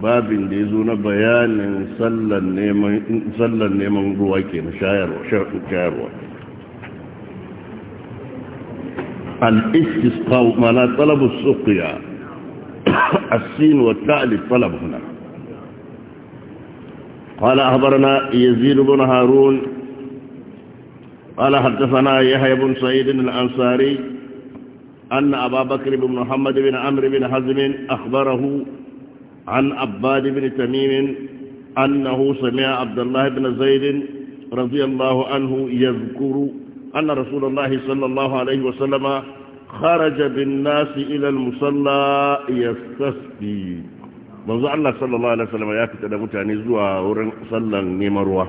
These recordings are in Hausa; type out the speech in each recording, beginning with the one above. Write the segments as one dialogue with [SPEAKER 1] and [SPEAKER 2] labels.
[SPEAKER 1] babin da ya zo na bayanin sallan neman ruwa ke na shayarwa al-istisqa ma'ana talabu suqiya السين والتالي طلب هنا قال أخبرنا يزيد بن هارون قال حدثنا يحيى بن سعيد الأنصاري أن أبا بكر بن محمد بن عمرو بن حزم أخبره عن عباد بن تميم أنه سمع عبد الله بن زيد رضي الله عنه يذكر أن رسول الله صلى الله عليه وسلم خرج بالناس إلى المصلى يستسقي manzo Allah sallallahu alaihi wasallam ya fita da mutane zuwa wurin sallan neman ruwa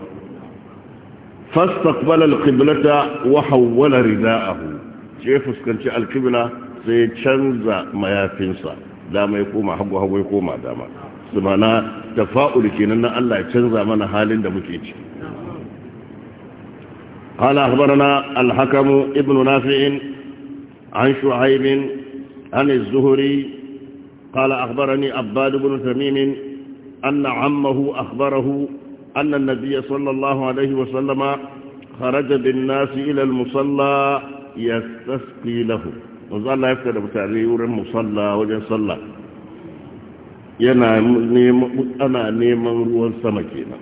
[SPEAKER 1] fastaqbala alqiblata wa hawwala ridaahu sai fuskanci alqibla sai canza mayafinsa dama ya koma hagu hagu ya koma dama su mana tafa'ul kenan na Allah ya canza mana halin da muke ciki قال أخبرنا الحكم ابن نافع عن شعيب عن الزهري قال أخبرني عباد بن تميم أن عمه أخبره أن النبي صلى الله عليه وسلم خرج بالناس إلى المصلى يستسقي لهم Wanzu Allah ya fita da mutane wurin musalla wajen sallah yana neman ana neman ruwan sama kenan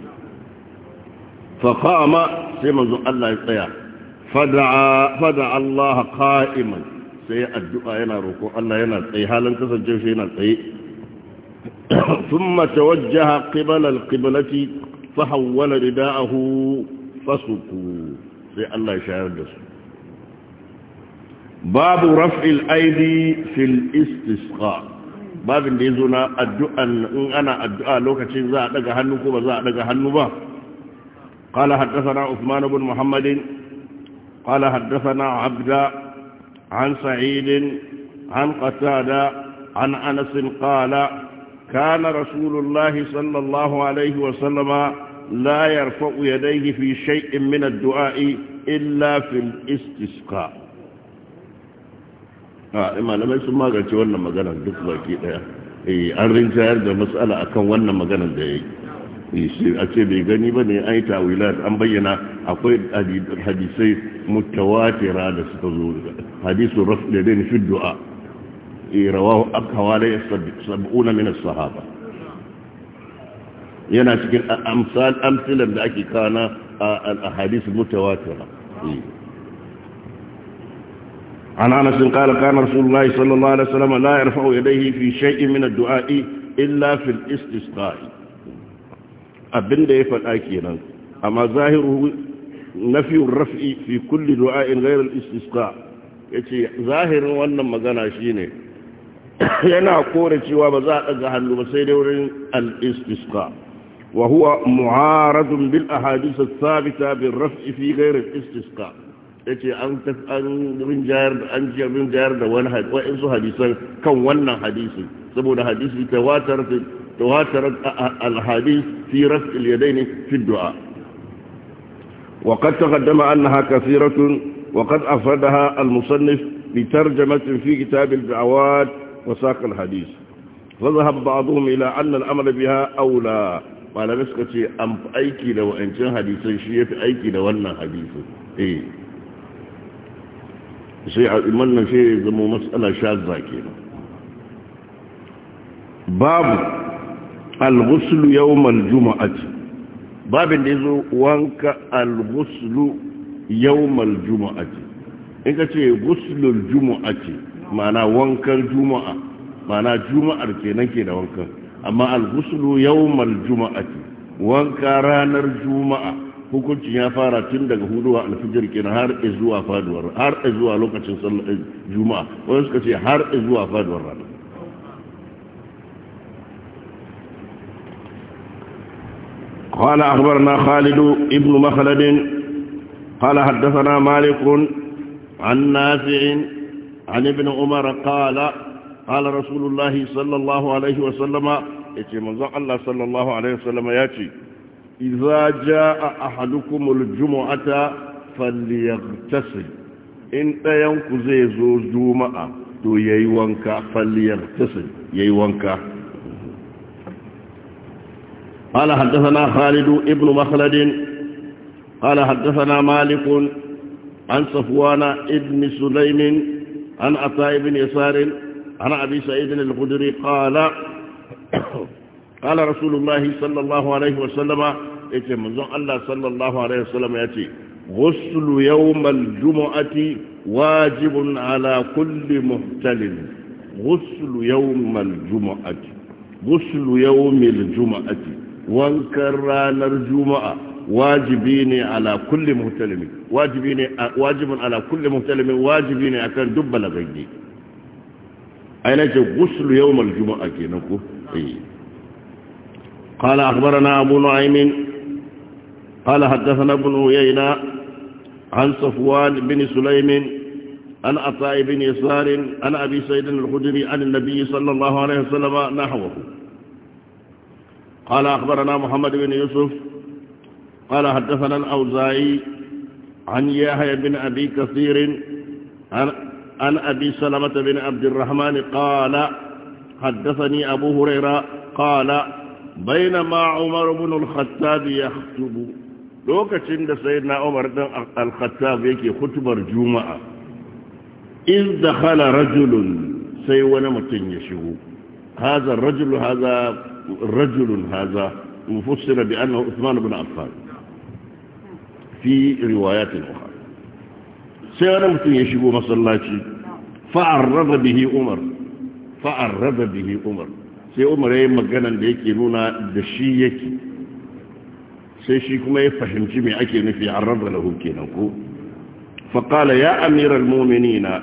[SPEAKER 1] fa qama sai manzo Allah ya tsaya fada'a fada'a Allah ka'iman sai addu'a yana roƙo Allah yana tsaye halin kasance shi yana tsaye Sun mace qibala al-qiblati fa hawwala rida'ahu fasuku sai Allah ya shayar da su باب رفع الأيدي في الاستسقاء باب اللي يزونا الدعاء إن أنا الدعاء لو كتشين زاء لك هنوك وزاء لك هنوبا قال حدثنا عثمان بن محمد قال حدثنا عبد عن سعيد عن قتادة عن أنس قال كان رسول الله صلى الله عليه وسلم لا يرفع يديه في شيء من الدعاء إلا في الاستسقاء a malamai sun magance wannan magana duk baki daya eh, an rinjayar da matsala akan wannan maganar da ya yi eh, a ce bai gani ba ne an yi tawilat an bayyana akwai hadisai mutawatira da suka zo hadisu ne fi du'a eh, rawahu akawalai sab'una min as-sahaba yana cikin amsal amsalan da ake kana a hadisi mutawatira عن انس قال كان رسول الله صلى الله عليه وسلم لا يرفع يديه في شيء من الدعاء الا في الاستسقاء abinda ya faɗa kenan amma zahiru na fi raf'i fi kulli du'a'in ghayr al-istisqa yace zahirin wannan magana shine yana kore cewa ba za a ga hannu ba sai dai wurin al Wahuwa wa huwa mu'aradun bil ahadith ath-thabita bil raf'i fi ghayr al yace an an rinjayar an rinjayar da wani wa'insu hadisan kan wannan hadisi saboda hadisi tawatar tawatar al-hadis fi raf al-yadayn fi du'a وقد تقدم أنها كثيرة وقد أفردها المصنف بترجمة في كتاب الدعوات وساق الحديث فذهب بعضهم إلى أن الأمر بها أولى وعلى نسكة أم أيكي لو أنت حديثا شيء في أيكي لو أن حديثا إيه sai a wannan sai ya zama matsala shazza kenan babu al-ghusl yawm al-jum'ati babin da yazo wanka al-ghusl yawm al-jum'ati in ka ce ghuslul jum'ati ma'ana wankan juma'a ma'ana juma'ar kenan ke da wankan amma al-ghusl yawm al-jum'ati wanka ranar juma'a hukuncin ya fara tun daga huduwa alfijir kenan har zuwa faduwar har zuwa lokacin sallar eh, juma'a wani suka ce har zuwa faduwar rana قال أخبرنا خالد ابن مخلد قال حدثنا مالك عن نافع عن ابن عمر قال قال رسول الله صلى الله عليه وسلم يتي الله صلى الله عليه وسلم ياتي إذا جاء أحدكم الجمعة فليغتسل إن ينكو زيزو جمعة تو ييوانكا فليغتسل ييوانكا قال حدثنا خالد ابن مخلد قال حدثنا مالك عن صفوان ابن سليم عن عطاء بن يسار عن أبي سعيد الخدري قال قال رسول الله صلى الله عليه وسلم يتي منزون الله صلى الله عليه وسلم يتي غسل يوم الجمعة واجب على كل محتل غسل يوم الجمعة غسل يوم الجمعة وانكران الجمعة واجبين على كل محتلم واجبين واجب على كل محتلم واجبين أكن دب لغيدي أين غسل يوم الجمعة كي نقول قال أخبرنا أبو نعيم قال حدثنا ابن عيينة عن صفوان بن سليم عن عطاء بن يسار عن أبي سيد الخدري عن النبي صلى الله عليه وسلم نحوه قال أخبرنا محمد بن يوسف قال حدثنا الأوزاعي عن يحيى بن أبي كثير عن, عن أبي سلمة بن عبد الرحمن قال حدثني أبو هريرة قال بينما عمر بن الخطاب يخطب لوكتين ده سيدنا عمر بن الخطاب يكي خطب الجمعة إذ دخل رجل سيوان متن يشهو هذا الرجل هذا رجل هذا مفسر بأنه عثمان بن عفان في روايات أخرى سيوان متن يشهو مصلاتي فعرض به عمر فعرض به عمر sai umar ya yi maganan da yake nuna da shi yake sai shi kuma ya fahimci mai ake nufi an raba lahu kenan ko faƙala ya amiral na,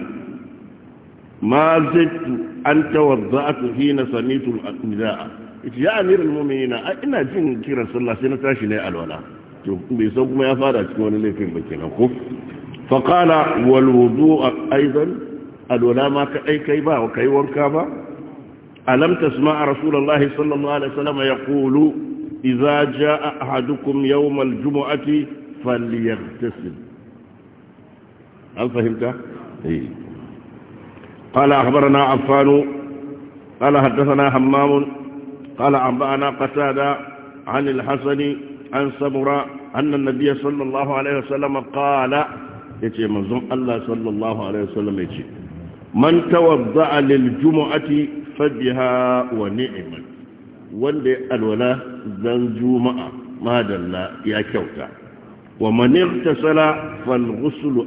[SPEAKER 1] ma zaitu an tawar za tawazza'atu hina samitu al-nidaa ya amiral mu'minina ina jin kiran sallah sai na tashi ne alwala to bai san kuma ya fara cikin wani laifin ba kenan ko fa qala wal wudu'a aidan alwala ma ka ɗai kai ba ka yi wanka ba ألم تسمع رسول الله صلى الله عليه وسلم يقول إذا جاء أحدكم يوم الجمعة فليغتسل هل فهمت؟ إيه. قال أخبرنا عفان قال حدثنا همام قال أنبأنا قتادة عن الحسن عن سمراء أن النبي صلى الله عليه وسلم قال يتي منظم الله صلى الله عليه وسلم يتي من توضأ للجمعة fabiha wa ni'mat wanda ya alwala zan juma'a madalla ya kyauta wa man irtasala fal ghusl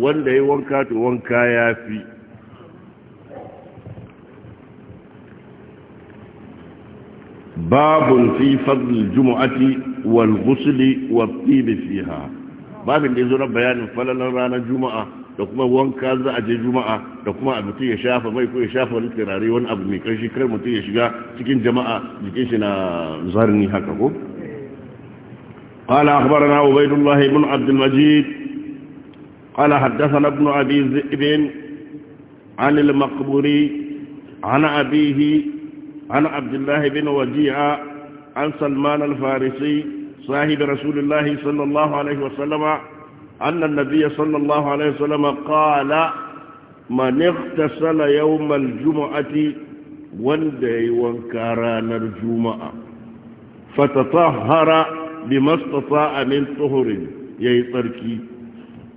[SPEAKER 1] wanda ya wanka to wanka yafi babun fi fadl jumu'ati wal ghusl wat tib fiha babin da zo na bayanin falalar ranar juma'a da kuma wanka za a je juma'a da kuma mutum ya shafa mai ko ya shafa wani turare wani abu mai karshi kar mutum ya shiga cikin jama'a jikin shi na zarni haka ko قال أخبرنا عبيد الله بن عبد المجيد قال حدثنا ابن أبي الذئب عن المقبوري عن أبيه عن عبد الله بن وجيع عن سلمان الفارسي صاحب رسول الله صلى الله عليه وسلم أن النبي صلى الله عليه وسلم قال من اغتسل يوم الجمعة وندي وانكاران الجمعة فتطهر بما استطاع من طهر يتركي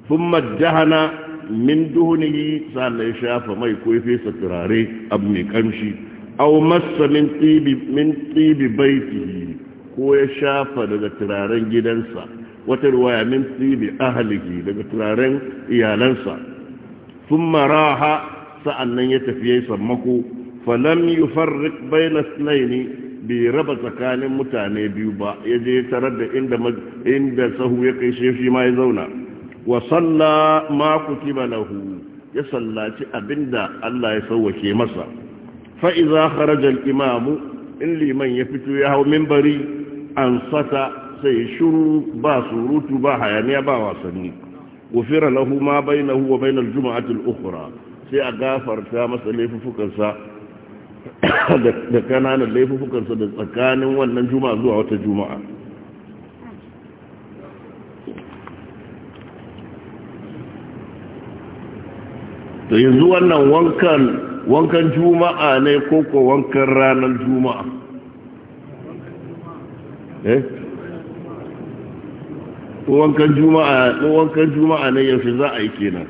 [SPEAKER 1] ثم الدهن من دهنه سال الله ما يكوي في ستراري أبني كمشي أو مس من طيب, من طيب بيته هو يشاف لذا ترارين جدنسا wata ruwaya min a ahlihi daga turaren iyalansa thumma sa'an sa'annan ya tafi yayin sammako falam bai na ithnayn bai raba tsakanin mutane biyu ba Ya yaje tarar da inda sahu ya kai shi ma ya zauna wa salla ma lahu ya sallaci abinda Allah ya sauwake masa Fa'iza idza kharaja imamu in liman ya fito ya hau mimbari an sata sai shuru ba surutu ba hayaniya ba wasanni wufira lahu ma bainahu wa bainal juma'ati al-ukhra sai a gafarta masa laifukan sa da kananan sa da tsakanin wannan juma'a zuwa wata juma'a to yanzu wannan wankan wankan juma'a ne ko ko wankan ranar juma'a eh wankan juma'a wankan juma'a ne yaushe za a yi kenan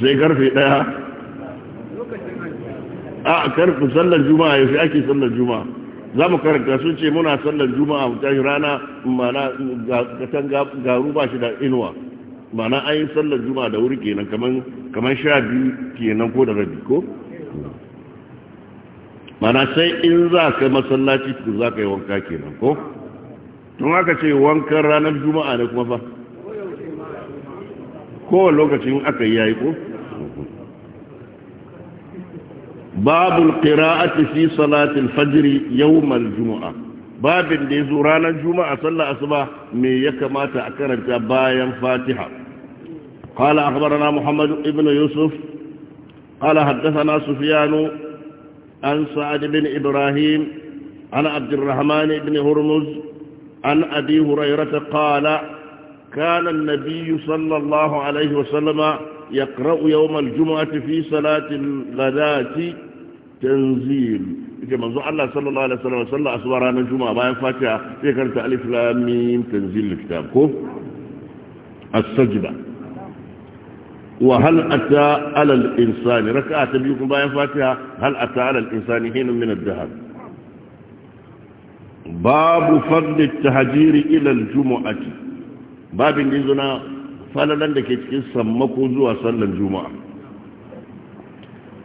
[SPEAKER 1] sai karfe daya
[SPEAKER 2] a karfe
[SPEAKER 1] sallar juma'a yaushe ake sallar juma'a za mu karanta sun ce muna sallar juma'a mu tashi rana mana gatan garu ba shi da inuwa mana an yi sallar juma'a da wuri kenan kamar sha biyu kenan ko da rabi ko mana sai in za ka masallaci ku za ka yi wanka kenan ko tun aka ce wankan ranar juma'a ne kuma fa kowane lokacin aka yi yayi ko babul qira'ati fi salatil fajiri yawmal juma'a babin da yazo ranar juma'a sallar asuba me ya kamata a karanta bayan fatiha qala akhbarana muhammad ibn yusuf qala haddathana sufyan an sa'ad ibn ibrahim ana abd الرحمن بن هرمز عن أبي هريرة قال كان النبي صلى الله عليه وسلم يقرأ يوم الجمعة في صلاة الغداة تنزيل جمعنا الله صلى الله عليه وسلم صلى أسوارنا الجمعة ما ينفتح يقرأ تأليف لامين تنزيل الكتاب السجدة وهل أتى على الإنسان ركعة بيكم ما ينفتح هل أتى على الإنسان حين من الذهب babu fadli tahajiri ila aljum'ati babin izuna falalan da ke cikin sammako zuwa sallar juma'a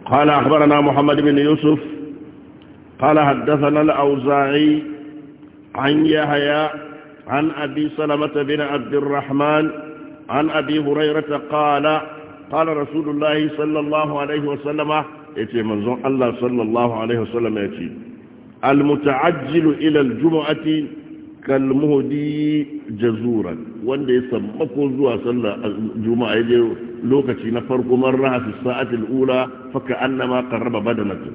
[SPEAKER 1] قال أخبرنا محمد بن يوسف قال حدثنا الأوزاعي عن يحيى عن أبي سلمة بن عبد الرحمن عن أبي هريرة قال قال رسول الله صلى الله عليه وسلم يتي منظر الله صلى الله عليه وسلم يتي المتعجل إلى الجمعة kalmuhudi jazuran wanda ya sammako zuwa sallar juma'a ya lokaci na farko man raha fi sa'atil ula faka annama qarraba badanatu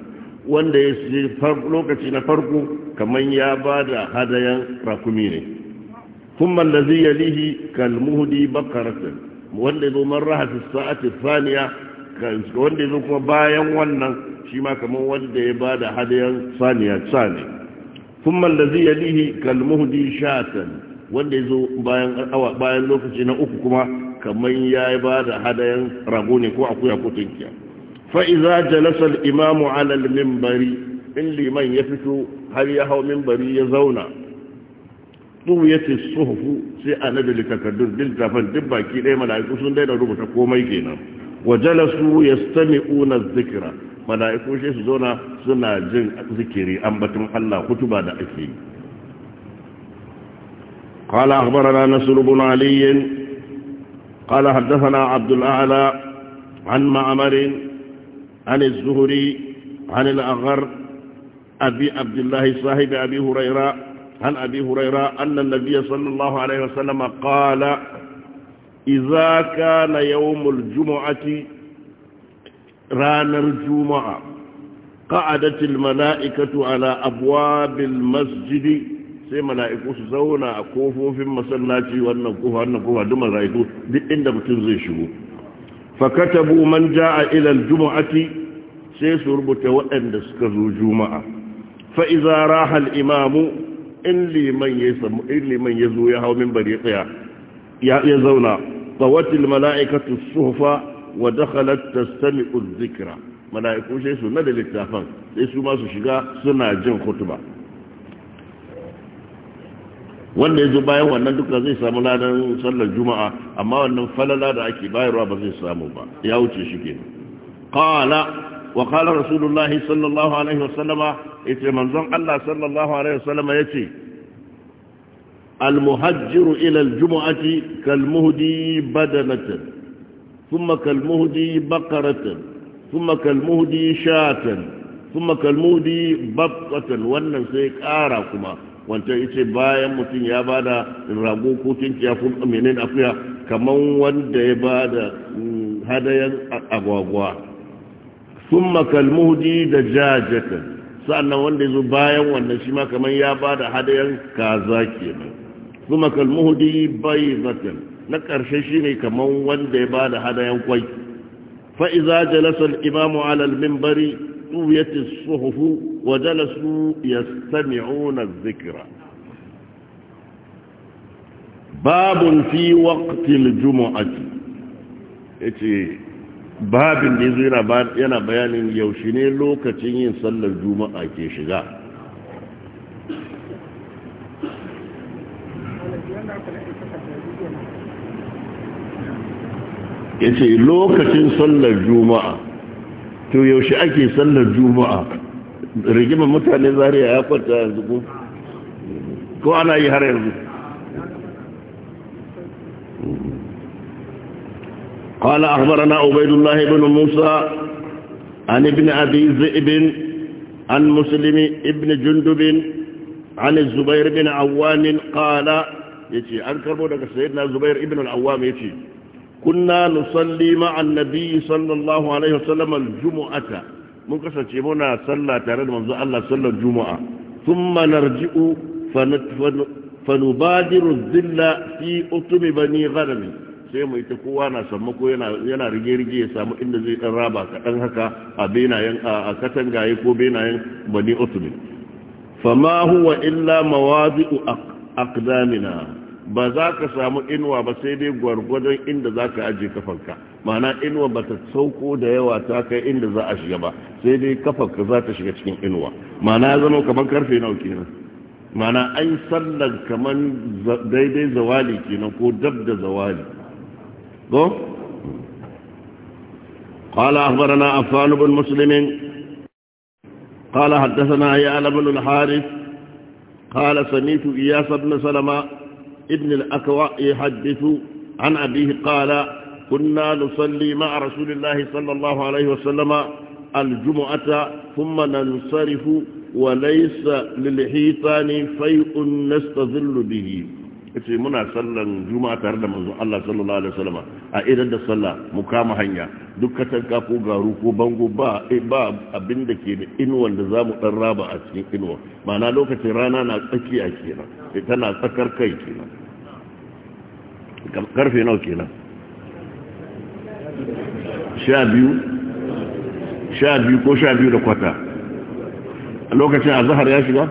[SPEAKER 1] wanda ya ce lokaci na farko kaman ya bada hadayan rakumi ne kuma allazi yalihi kalmuhudi bakaratan wanda fi ga wanda ya zo kuma bayan wannan shi ma kamar wanda ya bada hadayan saniya sani kuma allazi yalihi kalmuhdi shatan wanda ya zo bayan lokaci na uku kuma kamar ya bada hadayan rago ne ko akuya ko tunkiya fa idza imamu alal mimbari in liman ya fito har ya hau mimbari ya zauna ya ce suhufu sai a nada litakardun dil tafan duk baki ɗaya mala'iku sun daina rubuta komai kenan وجلسوا يستمعون الذكر ملائكو شي su zauna suna jin zikiri ambatin Allah kutuba da قال أخبرنا نسر بن علي قال حدثنا عبد الأعلى عن معمر عن الزهري عن الأغر أبي عبد الله صاحب أبي هريرة عن أبي هريرة أن النبي صلى الله عليه وسلم قال iza kana yawmul jumu'ati ranar juma'a qa'adatil mala'ikatu ala abwabil masjidi sai mala'iku su zauna a kofofin masallaci wannan kofa wannan kofa duk mala'iku duk inda mutum zai shigo
[SPEAKER 2] fakatabu man ja'a
[SPEAKER 1] ila aljum'ati sai su rubuta waɗanda suka zo juma'a fa iza raha al in liman ya ya zo ya hawo minbar ya tsaya ya zauna tsawatil mala'ikatu suhufa wa dakhalat tastami'u dhikra mala'iku sai su da littafan sai su su shiga suna jin khutba wanda ya zo bayan wannan duka zai samu ladan sallar juma'a amma wannan falala da ake bayarwa ba zai samu ba ya wuce shi kenan qala wa qala rasulullahi sallallahu alaihi wasallama ce manzon Allah sallallahu alaihi wasallama yace المهجر إلى الجمعة كالمهدي بدنة ثم كالمهدي بقرة ثم كالمهدي شاة ثم كالمهدي بطة wannan sai ƙara kuma wancan yace bayan mutum ya bada rago ko tinki ya fulka menene akuya kaman wanda ya bada hadayar agwagwa thumma kalmuhdi dajajatan sannan wanda yazo bayan wannan shi ma kaman ya kaza kenan kuma kalmuhudi bai zaton na ƙarshe shi ne kamar wanda ya bada da kwai fa’iza jalasar imamu alalmin bari tuyatis suhufu wa jalasu ya sami unar zikira babin fi waktil juma’aji ce babin ne yana bayanin yaushe ne lokacin yin sallar juma’a ke shiga
[SPEAKER 2] ya ce lokacin
[SPEAKER 1] sallar juma'a to yaushe ake sallar juma'a rigimar mutane zariya ya kwanta yanzu ko ko ana yi har yanzu قال أخبرنا عبيد الله بن موسى عن ابن أبي ذئب عن مسلم ابن جندب عن الزبير بن عوان قال يتي أنكر لك سيدنا الزبير ابن العوام يتي kunna nusalli ma'an nabiyyi sallallahu alaihi wasallam al-jumu'ata mun kasance muna sallah tare da manzo Allah sallar juma'a thumma narji'u fanubadiru dhilla fi utumi bani ghanami sai mu ita kowa na sammako yana yana rige rige ya samu inda zai dan raba kaɗan haka a benayen a katangaye ko benayen bani utumi fama huwa illa mawadi'u aqdamina ba za ka samu inuwa ba sai dai gwargwadon inda za ka ajiye kafanka mana inuwa ba ta sauko da yawa ta kai inda za a shiga ba sai dai kafanka za ta shiga cikin inuwa mana ya zama kamar karfe nawa kenan mana an sallar kamar daidai zawali kenan ko dab da zawali go akhbarana afan ibn muslimin qala قال ya'la ibn al harith qala Samitu iyas ibn Salama. ابن الأكواء يحدث عن أبيه قال كنا نصلي مع رسول الله صلى الله عليه وسلم الجمعة ثم ننصرف وليس للحيطان فيء نستظل به yace muna sallan juma'a tare da manzon Allah sallallahu alaihi wasallam a idan da sallah mu kama hanya duk katanka ko garu ko bango ba eh, ba abin da ke da inuwan da zamu dan raba a cikin inuwa ma'ana lokacin rana na tsakiya kenan eh, tana tsakar kai kenan karfe nawa kenan sha biyu sha biyu ko sha biyu da kwata a lokacin azhar ya shiga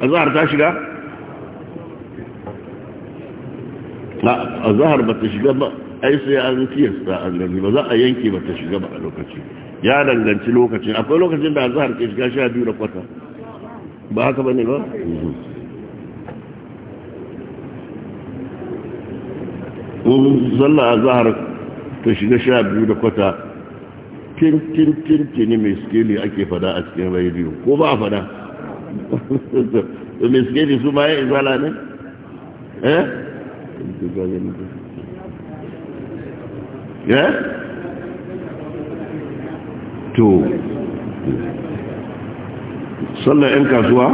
[SPEAKER 1] azhar ta shiga a zahar ba ta shiga ba ai sai an kiyasta an gani ba za a yanke ba ta shiga ba a lokaci ya danganci lokacin akwai lokacin da a zahar ke shiga sha biyu da kwata ba haka ba ne ba mhm. zalla a zahar ta shiga sha biyu da kwata kin-kin-kin ne mai skeli ake fada a cikin rediyo ko ba a fada mai skeli su ma ya izala ne eh Eh? to sannan 'yan kasuwa?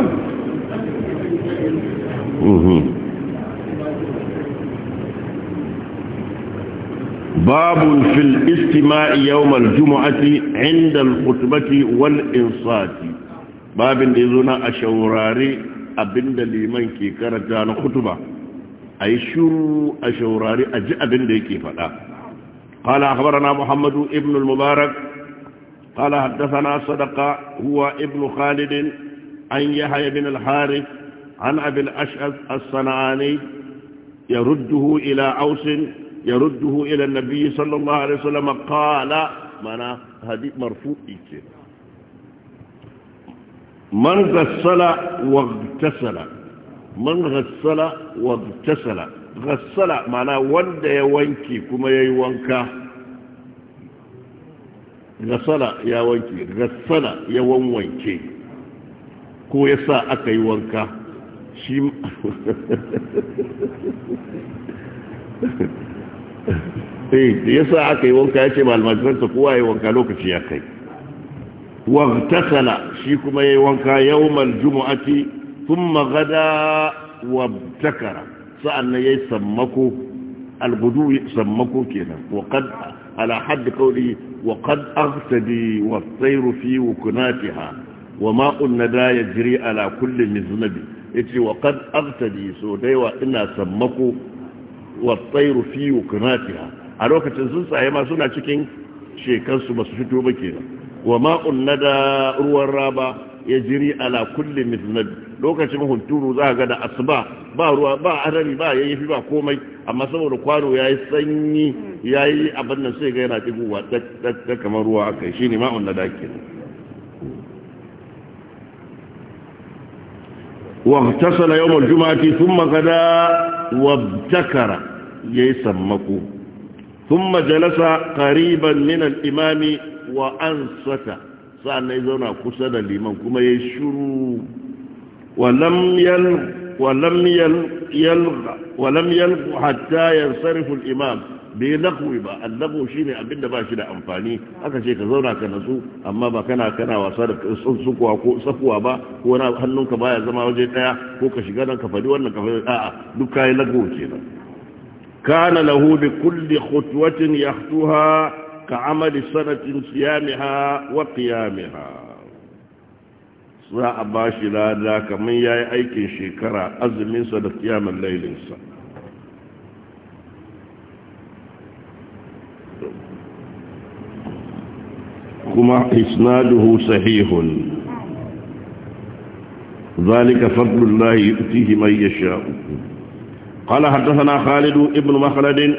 [SPEAKER 1] Mhm. babun fil istima'i yau mal juma'ati inda wal insati babin da ya zo na a shaurari abinda liman ke karanta na kutuba a yi shuru a shaurari a ji قال أخبرنا محمد ابن المبارك قال حدثنا صدق هو ابن خالد عن يحيى بن الحارث عن أبي الأشعث الصنعاني يرده إلى أوس يرده إلى النبي صلى الله عليه وسلم قال من هذه مرفوع من غسل واغتسل man ghassala wa tasala ghassala mana wanda ya wanke kuma ya yi wanka ghassala ya wanke ghassala ya wanwanke ko ya sa aka yi wanka shi eh da yasa aka yi wanka ya yace malmajiransa kowa yi wanka lokaci ya kai wa tasala shi kuma ya yi wanka yawmal jumu'ati thumma gada wabtakara sa'annan yayi sammako albudu sammako kenan wa qad ala hadd qawli wa qad aghtadi wa at-tayru fi wukunatiha wa ma'un nada yajri ala kulli miznabi yace wa qad aghtadi so wa ina sammako wa at-tayru fi wukunatiha a lokacin tsuntsaye ma suna cikin shekansu ba su fito ba kenan wa ma'un da ruwan raba ya jiri ala kulle mislabi lokacin hunturu za a da asuba ba ruwa ba arari ba ya fi ba komai amma saboda kwano ya yi sanyi ya yi abin da sai ga yana tiguwa da kamar ruwa a kai shi ne ma'un na daki wa ta sana yau mal jumati sun wa takara ya yi sammako sun majalasa kariban minan imami wa ansata. sa'an ya zauna kusa da liman kuma ya shuru walam yalku hatta yansarifu al-imam bai lagwi ba allagwo shi ne abinda ba shi da amfani aka ce ka zauna ka nasu amma ba kana kana wasa da sukuwa ko safuwa ba ko na hannunka baya zama waje daya ko ka shiga nan ka faɗi wannan ka faɗi a'a duk kayi lagwo kenan kana lahu bi kulli khutwatin yahtuha كعمل سنة صيامها وقيامها ساعة باشي لا ذاك من ياي أيكن شكرا أزمين سنة قيام الليل إنسان كما إسناده صحيح ذلك فضل الله يؤتيه من يشاء قال حدثنا خالد ابن مخلد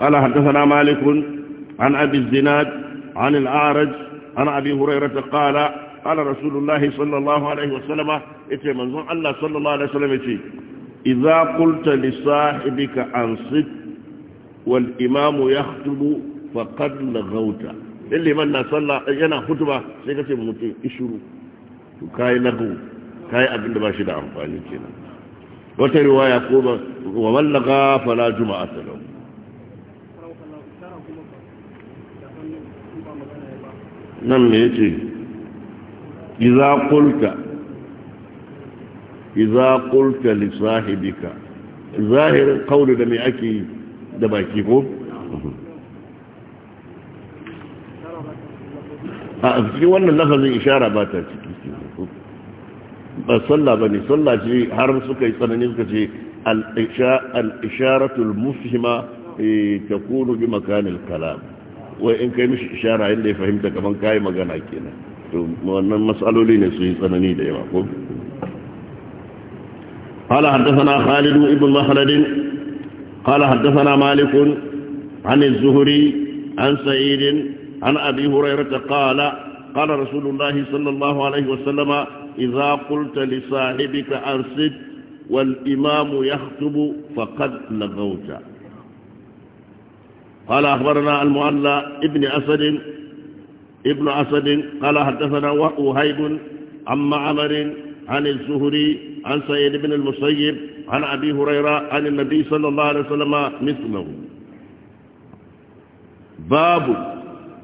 [SPEAKER 1] قال حدثنا مالك عن أبي الزناد عن الأعرج عن أبي هريرة قال قال رسول الله صلى الله عليه وسلم إتي منظر الله صلى الله عليه وسلم إتي إذا قلت لصاحبك أنصت والإمام يخطب فقد لغوت اللي من صلى ينا خطبة سيكتي ممتين إشرو كاي لغو كاي أبن باشد عن فاني كنا وترواية قوما ومن لغى فلا جمعة له nan me yace iza qulta iza qulta li sahibika zahirin qawli da me ake da baki ko a cikin wannan lafazin ishara ba ta ciki ba sallah ba ne sallah ce har suka yi tsanani suka ce al-isharatul ta eh, takunu bi makanin kalamu wai in kai mishi ishara inda ya fahimta kaman kayi magana kenan to wannan matsaloli ne su yi tsanani da yawa ko قال حدثنا خالد بن مخلد قال حدثنا مالك عن الزهري عن سعيد عن أبي هريرة قال قال رسول الله صلى الله عليه وسلم إذا قلت لصاحبك أرسد والإمام يخطب فقد لغوت قال أخبرنا المؤلى ابن أسد ابن أسد قال حدثنا وهيب عن معمر عن الزهري عن سيد بن المسيب عن أبي هريرة عن النبي صلى الله عليه وسلم مثله باب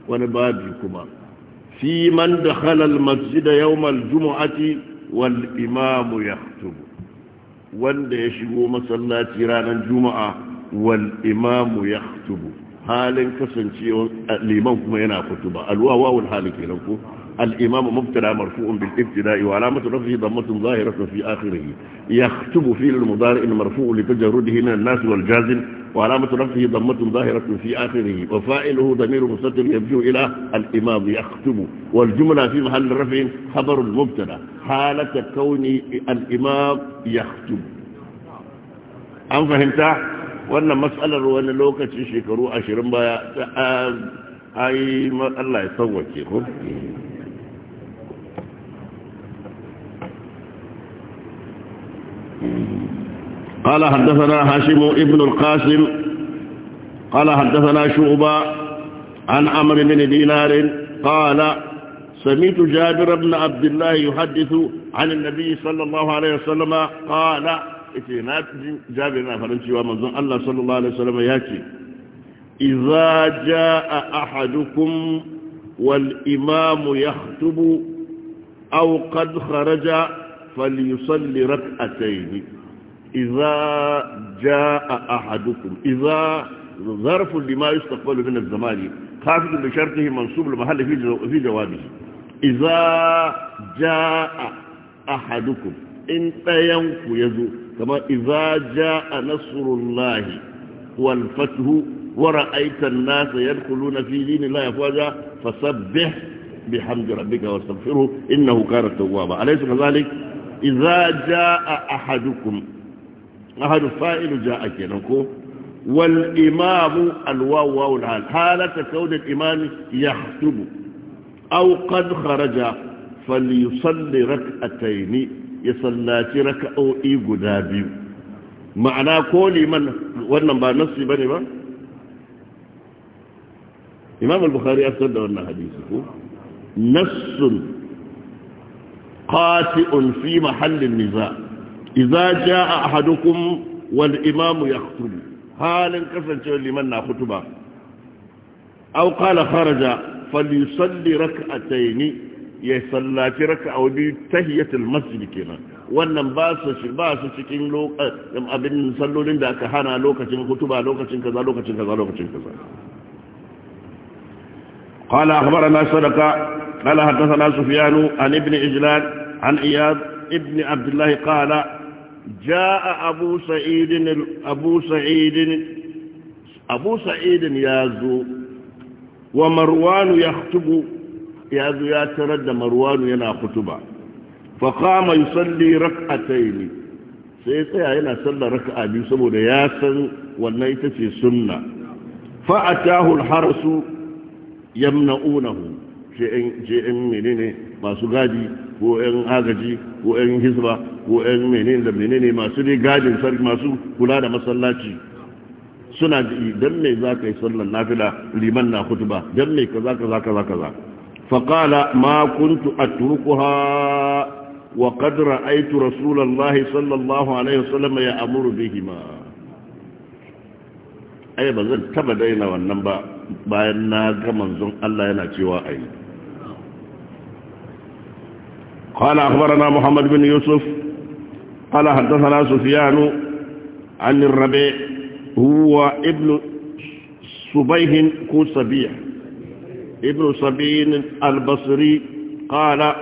[SPEAKER 1] ونبابكما في من دخل المسجد يوم الجمعة والإمام يخطب وان يشبه مسلاتي رانا الجمعة والإمام يخطب halin kasancewa liman kuma yana kutuba alwawawul halin kenan ko الإمام مبتلع مرفوع بالابتداء وعلامة رفعه ضمة ظاهرة في آخره يخطب في المضارع المرفوع لتجرده من الناس والجازم وعلامة رفعه ضمة ظاهرة في آخره وفائله ضمير مستتر يرجع إلى الإمام يخطب والجملة في محل رفع خبر المبتلع حالة كون الإمام يخطب أم فهمتها؟ wannan matsalar wani lokacin shekaru ashirin baya ta yi Allah ya sauwake ko قال حدثنا هاشم ابن القاسم قال حدثنا شعبة عن عمر بن دينار قال سمعت جابر بن عبد الله يحدث عن النبي صلى الله عليه وسلم قال yace na jabir na farin cewa manzon Allah sallallahu alaihi wasallam ya ce idza jaa ahadukum wal imamu yakhutubu aw qad kharaja falyusalli rak'atayn idza jaa ahadukum idza ظرف لما يستقبل من الزمان خافض لشرطه منصوب المحل في جوابه إذا جاء أحدكم إن تينك يزور كما إذا جاء نصر الله والفتح ورأيت الناس يدخلون في دين الله أفواجا فسبح بحمد ربك واستغفره إنه كان توابا أليس كذلك إذا جاء أحدكم أحد الفائل جاء كنكو والإمام الواو واو حالة كون الإمام يحتب أو قد خرج فليصلي ركعتين ya sallaci raka'o'i guda biyu ma'ana ko liman wannan ba nassi ne ba imam al-bukhari ya fitar da wannan hadisi ko nassun qati'un fi mahallin niza idza jaa ahadukum wal imam yakhthubu halin kasancewar liman na hutuba aw qala kharaja falyusalli rak'atayn ya sallaci raka a biyu tahiyatul masjid kenan wannan ba su ba su cikin lokacin abin sallolin da aka hana lokacin hutuba lokacin kaza lokacin kaza lokacin kaza قال أخبرنا صدقة قال حدثنا سفيان عن ابن إجلال عن إياد ابن عبد الله قال جاء أبو سعيد أبو سعيد أبو سعيد يازو ومروان يخطب ya zo ya tarar da marwanu yana kutuba fa qama yusalli rak'atayn sai tsaya yana sallar raka'a biyu saboda ya san wannan ita ce sunna fa atahu al-harsu yamna'unahu jn menene masu gadi ko yan agaji ko yan hisba ko yan menene da menene masu ne gadin sarki masu kula da masallaci suna ji don me za ka yi sallar nafila liman na kutuba dan me kaza kaza kaza kaza فقال ما كنت أتركها وقد رأيت رسول الله صلى الله عليه وسلم يأمر بهما أي بذل تبدين والنبا بأننا كمنزل الله ينأتي أي قال أخبرنا محمد بن يوسف قال حدثنا سفيان عن الربيع هو ابن صبيه كو صبيح ابن سبين البصري قال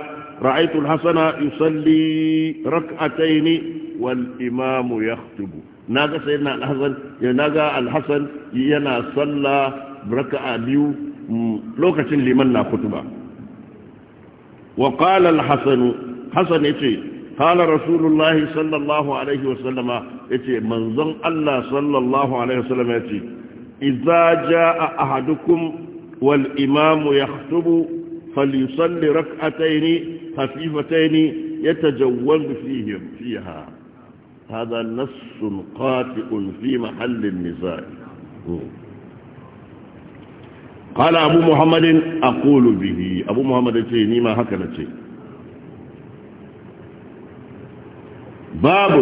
[SPEAKER 1] رأيت الحسن يصلي ركعتين والإمام يخطب ناقا سيدنا الحسن ناقا الحسن ينا صلى ركعة بيو لوكة لمن خطبة وقال الحسن حسن يتي قال رسول الله صلى الله عليه وسلم يتي منظم الله صلى الله عليه وسلم يتي إذا جاء أحدكم والإمام يخطب فليصلي ركعتين خفيفتين يتجوز فيهم فيها هذا نص قاطئ في محل النزاع قال أبو محمد أقول به أبو محمد تيني ما هكذا باب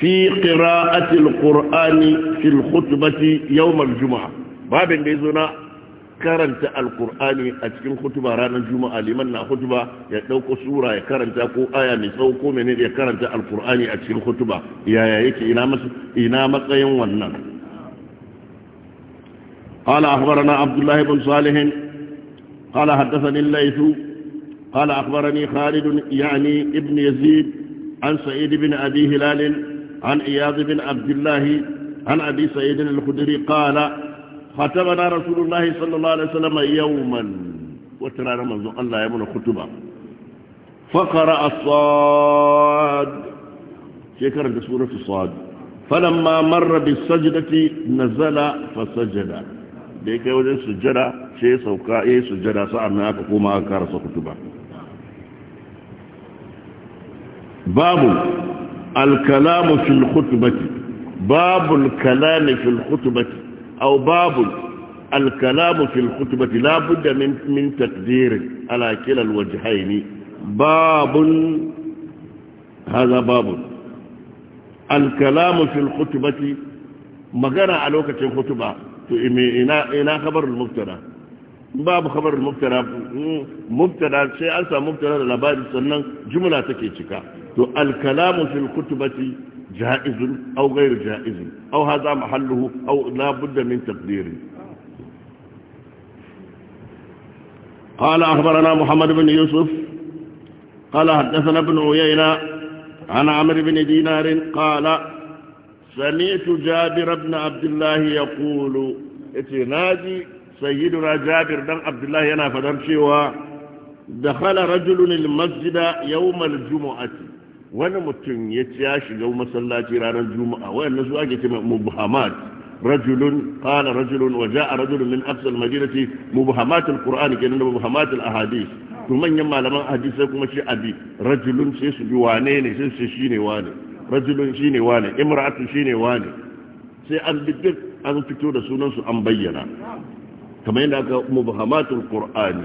[SPEAKER 1] في قراءة القرآن في الخطبة يوم الجمعة باب يزنا karanta alkur'ani a cikin hutuba ranar juma'a liman na hutuba ya ɗauko sura ya karanta ko aya mai tsawo ko mene ya karanta alkur'ani a cikin hutuba yaya yake ina matsayin wannan qala akhbarana abdullahi ibn salihin qala haddathani laythu qala akhbarani khalid yani ibn yazid an sa'id ibn abi an iyad bin Abdullahi, an abi sa'id al-khudri خطبنا رسول الله صلى الله عليه وسلم يوما وترى منذ الله يمنى خطبة فقرأ الصاد شكرا سورة الصاد فلما مر بالسجدة نزل فسجد بيك وجه سجدة شيء سوكا ايه سجدة سعنا كما كارس خطبة باب الكلام في الخطبة باب الكلام في الخطبة أو باب الكلام في الخطبة لا بد من من تقدير على كلا الوجهين باب هذا باب الكلام في الخطبة مغنى على وقت الخطبة إنا إنا خبر المبتدا باب خبر المبتدا مبتدا شيء أنسى مبتدا لبعض سنن جملة تكي تكا الكلام في الخطبة جائز أو غير جائز أو هذا محله أو لا بد من تقديره قال أخبرنا محمد بن يوسف قال حدثنا ابن عيينة عن عمرو بن دينار قال سمعت جابر بن عبد الله يقول اتنادي سيدنا جابر بن عبد الله ينافذ فدمشي دخل رجل المسجد يوم الجمعة wani mutum ya ci ya shiga masallaci ranar juma'a wayannan su ake ce mubhamat rajulun qala rajulun wa jaa rajulun min aqsal madinati mubhamat alquran nan mubhamat alahadith to manyan malaman hadisi kuma shi abi rajulun sai su bi wane ne sai su shine wane rajulun shine wane imra'atu shine wane sai an bi duk an fito da sunan su an bayyana kamar yadda aka mubhamatul alqurani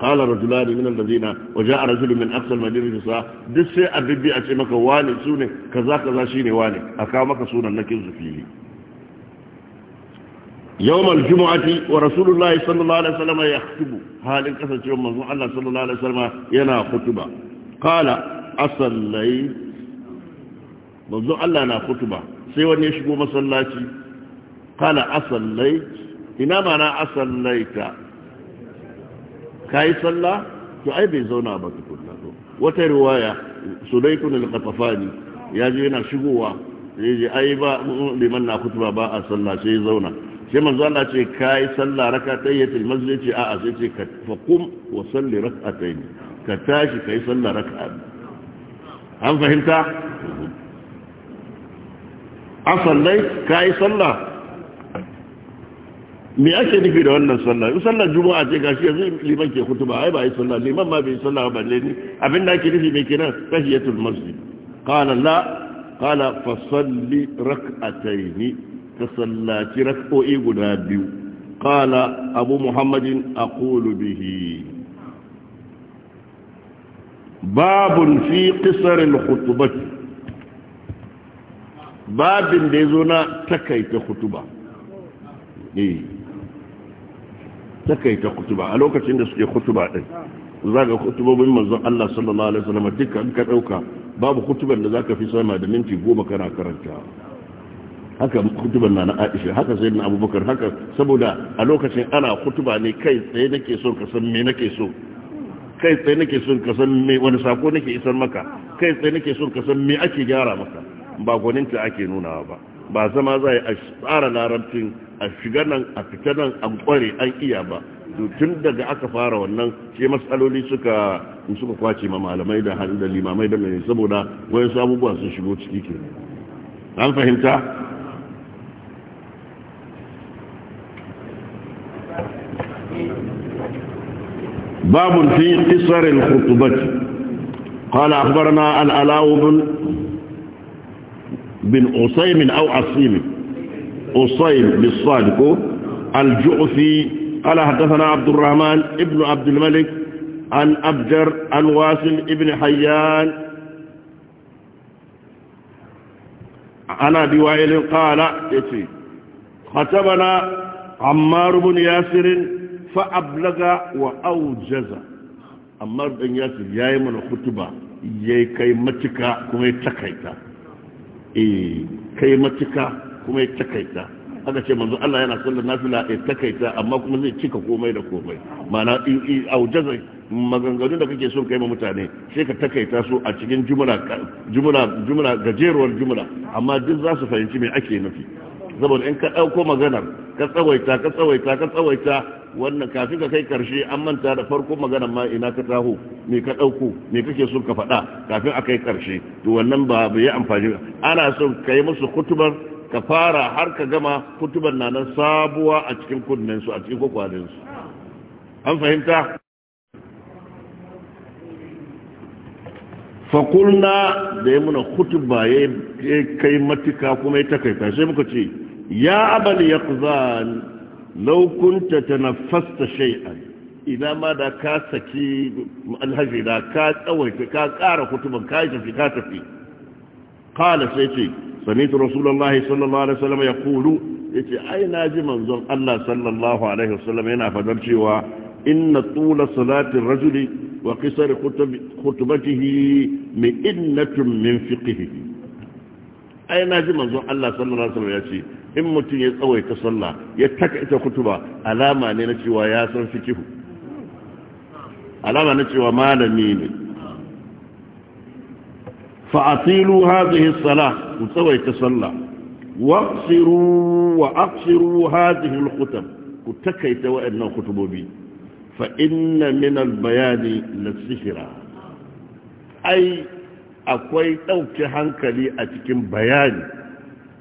[SPEAKER 1] قال رجلان من الذين وجاء رجل من أقصى المدينة فسا دس سي أبي أتي مك واني سوني كذا كذا شيني واني أكا مك سونا نكين زفيلي يوم الجمعة ورسول الله صلى الله عليه وسلم يخطب هل انكسر يوم مزمع الله صلى الله عليه وسلم ينا خطبة قال أصلي مزمع الله نا خطبة سيوان يشبو مسلاتي قال أصلي إنما أنا أصليت Ka yi sallah to ai bai zauna ba tukunna to wata riwaya sulaykun al ne ya je yana shigowa sai je ai ba liman na kutuba ba a sallah sai ya zauna sai manzo Allah ce kai yi rak'atayn zai ce a'a sai ce ka faqum wa ta yi ka tashi ka yi tsalla rak'a an fahimta
[SPEAKER 2] an sallai yi sallah
[SPEAKER 1] me ake nufi da wannan sallah in sallar juma'a ce gashi yanzu liman ke kutuba ai ba yi sallah liman ma bai sallah ba ne ni abin da ake nufi mai kenan tahiyatul masjid qala la qala fa salli rak'atayn ka sallaci rak'o'i guda biyu qala abu muhammadin aqulu bihi babun fi qisar al-khutbah babin da yazo na takaita khutba eh suka yi ta kutuba a lokacin da suke kutuba ɗin za ga kutubobin manzon Allah sallallahu alaihi wasallam duka an ka dauka babu kutuban da zaka fi sama da minti goma kana karanta haka kutuban na na Aisha haka sayyidina Abubakar haka saboda a lokacin ana kutuba ne kai tsaye nake so ka san me nake so kai tsaye nake son ka san me wani sako nake isar maka kai tsaye nake son ka san me ake gyara maka ba gwaninta ake nuna ba ba zama za a tsara larabcin a shiga nan a fita nan an kware an iya ba tun daga aka fara wannan ke matsaloli suka suka kwace ma malamai da hannun da limamai da mai saboda wayan su abubuwa sun shigo ciki ke an fahimta babun fi isarin khutubati qala akhbarana al-alaw bin usaimin au Asimin. أصيب بالصادق الجعفي قال حدثنا عبد الرحمن ابن عبد الملك عن أبجر عن واسل ابن حيان عن أبي وائل قال ختمنا عمار بن ياسر فأبلغ وأوجز عمار بن ياسر يا من خطبة يا كي متكا تكيت إيه كي متكا kuma ya takaita aka ce manzo Allah yana sallar nafila ya takaita amma kuma zai cika komai da komai mana aujaza maganganun da kake son kai ma mutane sai ka takaita su a cikin jumla jumla jumla gajeruwar jumla amma duk za su fahimci me ake nufi saboda in ka dauko maganar ka tsawaita ka tsawaita ka tsawaita wannan kafin ka kai karshe an manta da farko maganar ma ina ka taho me ka dauko me kake son ka faɗa kafin a kai karshe to wannan ba bai amfani ana son kai musu kutubar ka fara har ka gama kutuban na nan sabuwa a cikin kunninsu a cikin kwakwalinsu an fahimta fakulna da ya muna kutuba ya kai matuka kuma ya takaita sai muka ce ya abali ya kuzan laukunta ta nafasta shai'an ina ma da ka saki alhaji da ka tsawaita ka kara kutuban ka yi tafi ka tafi kala sai ce سمعت رسول الله صلى الله عليه وسلم يقول اي ناجي منظر الله صلى الله عليه وسلم هنا فدرشي إن طول صلاة الرجل وقصر خطب خطبته مئنة من فقهه أي ناجي منظر الله صلى الله عليه وسلم يأتي إن متن يتقوي تصلى يتكئت خطبة ألاما ننتي وياسر فكه ألاما ننتي وما لمينه فأطيلوا هذه الصلاة وسوي تصلى واقصروا وأقصروا هذه الخطب كتكيت وإنه خطبوا بي فإن bayani na sihira ai akwai ɗauke hankali a cikin bayani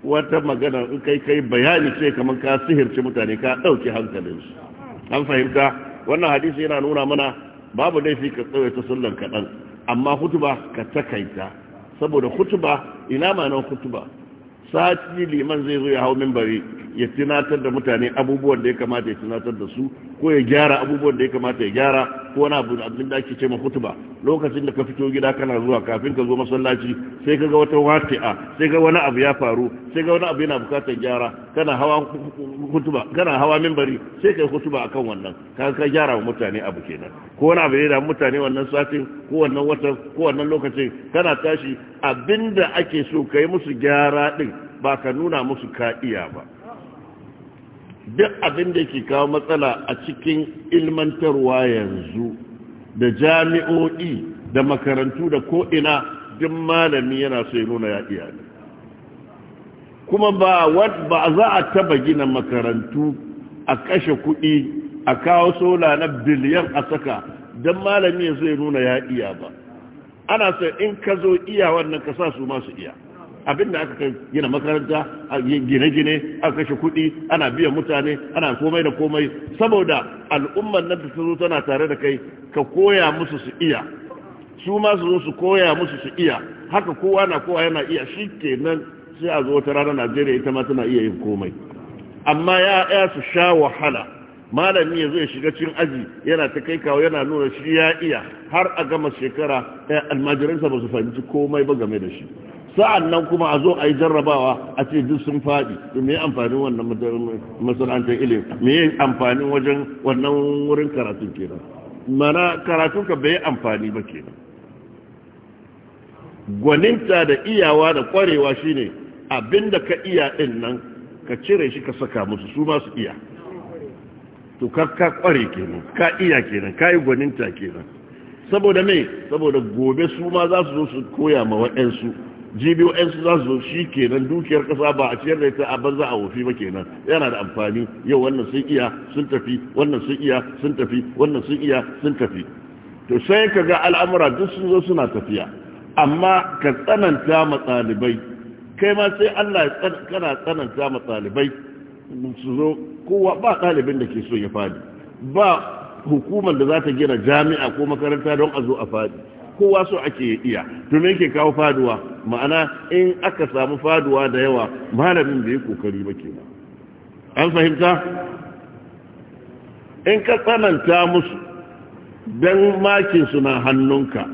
[SPEAKER 1] wata magana in kai kai bayani ce kamar ka sihirci mutane ka ɗauke hankalinsu an fahimta wannan hadisi yana nuna mana babu laifi ka tsawaita sallan kaɗan amma hutuba ka takaita saboda hutuba ina ma nan sati liman zai zo ya hau mimbari ya tunatar da mutane abubuwan da ya kamata ya tunatar da su ko ya gyara abubuwan da ya kamata ya gyara ko wani abu abin da ake ce ma hutuba lokacin da ka fito gida kana zuwa kafin ka zo masallaci sai ka ga wata wati'a sai ga wani abu ya faru sai ga wani abu yana bukatar gyara kana hawa hutuba kana hawa minbari sai kai hutuba akan wannan ka ka gyara wa mutane abu kenan ko wani abu ne da mutane wannan satin ko wannan watan ko wannan lokacin kana tashi abinda ake so kai musu gyara din ba ka nuna musu ka iya ba duk abin da ke kawo matsala a cikin ilmantarwa yanzu da jami'o'i da makarantu da ko'ina duk malami yana so ya nuna ya kuma ba za a taba gina makarantu a kashe kuɗi a kawo sola na biliyan a saka don malami ya zai nuna ya iya ba ana so in ka zo iya wannan ka sa su masu iya abin da aka gina makaranta a gine-gine a kashe kuɗi ana biyan mutane ana komai da komai saboda al'ummar nan ta zo tana tare da kai ka koya musu su iya su ma su zo su koya musu su iya haka kowa na kowa yana iya shi ke nan, sai a zo wata rana najeriya ita ma tana iya yin komai amma ya su sha wahala malami ya zo ya shiga cin aji yana ta kai kawo yana nuna shi ya iya har a gama shekara eh, almajiransa ba su fahimci komai ba game da shi sa'an nan kuma a zo a yi jarrabawa a ce duk sun faɗi to me amfanin wannan masana'antar ilimi me amfanin wajen wannan wurin karatun kenan mana karatun ka bai amfani ba kenan gwaninta da iyawa da kwarewa shine abinda ka iya din nan ka cire shi ka saka musu su masu iya to ka ka kware kenan ka iya kenan ka yi gwaninta kenan saboda me saboda gobe su ma za su zo su koya ma waɗansu gbn su za su zo shi kenan dukiyar kasa ba a ciyar da ita a banza a wofi ba kenan yana da amfani yau wannan sun iya sun tafi wannan sun iya sun tafi wannan sun iya sun tafi to sai ka ga al'amura duk sun zo suna tafiya amma ka tsananta ma ɗalibai kai ma sai allah kana tsananta ma ɗalibai su zo kowa ba ɗalibin da ke so ya fadi ba hukumar da za ta gina jami'a ko makaranta don a zo a fadi kowa so ake iya to me yake kawo faduwa ma'ana in aka samu faduwa da yawa malamin bai kokari ba ke an fahimta in ka tsananta musu don makinsu na hannunka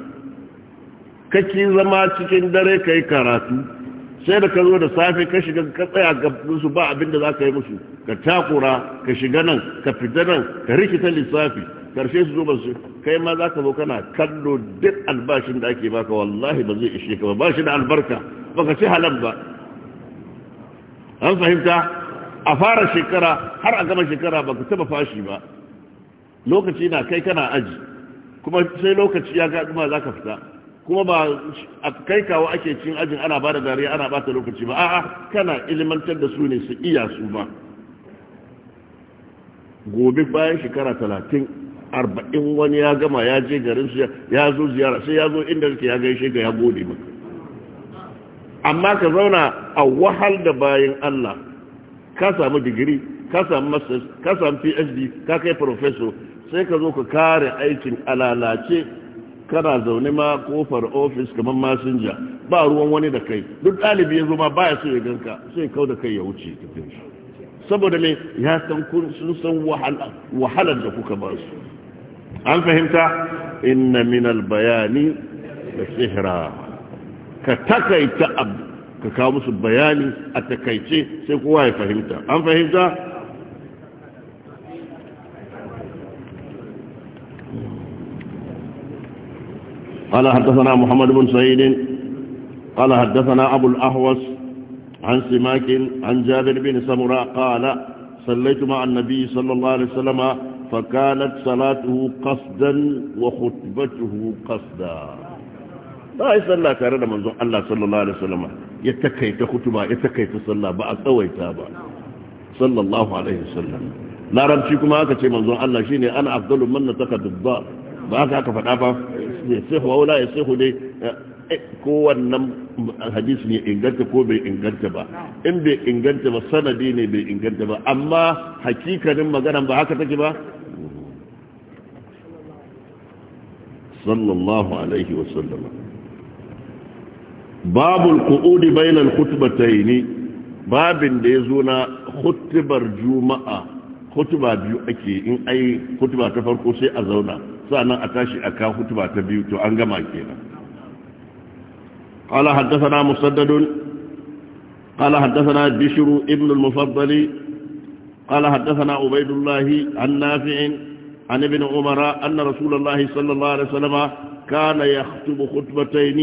[SPEAKER 1] kake zama cikin dare ka yi karatu sai da ka zo da safe ka shiga ka tsaya ga su ba abin da za ka yi musu ka takura ka shiga nan ka fita nan ka rikita lissafi karshe su zo ba su kai ma za ka zo kana kallo duk albashin da ake baka wallahi ba zai ishe ka ba shi da albarka ba ka ci halal ba an fahimta a fara shekara har a gama shekara ba ka taba fashi ba lokaci na kai kana aji kuma sai lokaci ya ga kuma za ka fita kuma ba a kai kawo ake cin ajin ana ba da dariya ana bata lokaci ba a'a kana ilimantar da su ne su iya su ba gobe bayan shekara talatin arba'in wani ya gama ya je garin su ya zo ziyara sai ya zo inda suke ya gaishe ga ya gode maka amma ka zauna a wahal da bayan Allah ka samu digiri ka samu masters ka samu phd ka kai professor sai ka zo ka kare aikin alalace kana zaune ma kofar ofis kamar masinja ba ruwan wani da kai duk ɗalibi ya zo ma baya so ya ganka sai kau da kai ya wuce tafiyar shi saboda me ya san kun sun san wahalar da kuka ba su an fahimta inna min albayani da sihira ka takaita abu ka kawo musu bayani a takaice sai kowa ya fahimta an fahimta
[SPEAKER 2] قال حدثنا
[SPEAKER 1] محمد بن سعيد قال حدثنا أبو الأحوص عن سماك عن جابر بن سمراء قال صليت مع النبي صلى الله عليه وسلم فكانت صلاته قصدا وخطبته قصدا لا يصلى كارنا منظر الله صلى الله عليه وسلم يتكيت خطبة يتكيت صلى بقى سويتها بقى صلى الله عليه وسلم لا رمشيكم هكذا منظر الله شيني أنا أفضل من نتقد الضار ba ka aka faɗa ba ya sihu waula ya sihu dai eh, kowannan hadisi ne inganta ko bai inganta ba in bai inganta ba sanadi ne bai inganta ba amma hakikanin maganan ba haka take ba sallallahu alaihi wasallama babul qu'udi bainal khutbatayn babin da ya zo na khutbar juma'a khutba biyu ake in ai khutba ta farko sai a zauna sa'annan a tashi a kan hutuba ta biyu to an gama kenan qala na musaddadun qala haddathana bishru ibn al-mufaddali qala haddathana ubaydullah an nafi'in an ibn umara anna rasulullahi sallallahu alaihi wasallam kana yakhthubu khutbatayn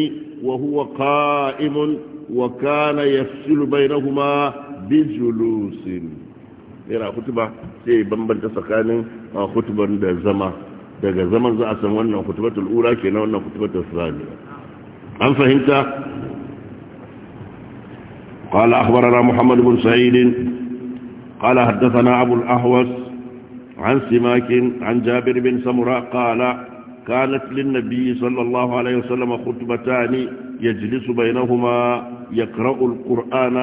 [SPEAKER 1] wa huwa qa'imun wa kana yafsilu baynahuma bijulusin ira khutba sai bambanta tsakanin khutban ah, da zama daga zaman za a san wannan kutubatul ula ke na wannan kutubatul saniya an fahimta قال أخبرنا محمد بن سعيد قال حدثنا أبو الأهوس عن سماك عن جابر بن سمراء قال كانت للنبي صلى الله عليه وسلم خطبتان يجلس بينهما يقرأ القرآن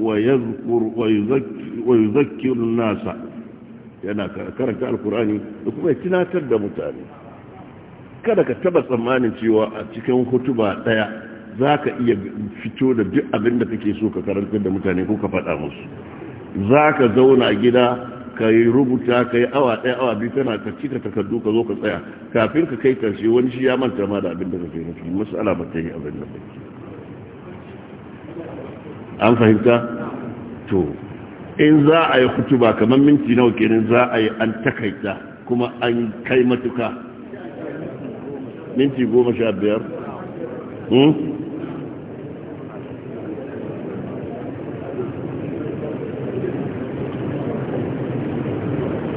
[SPEAKER 1] ويذكر ويذكر, ويذكر الناس yana karanta alkur'ani da kuma ya tunatar da mutane kada ka taba tsammanin cewa a cikin hutuba daya za ka iya fito da duk abin da kake so ka karanta da mutane ko ka faɗa musu za ka zauna gida ka rubuta ka yi awa ɗaya awa biyu tana ka cika takardu ka zo ka tsaya kafin ka kai karshe wani shi ya manta ma da abin da kake nufi masala ba ta yi abin da kake an fahimta to in za a yi kutuba kamar minti nawa kenan za a yi an takaita kuma an kai matuka minti goma sha biyar hmm?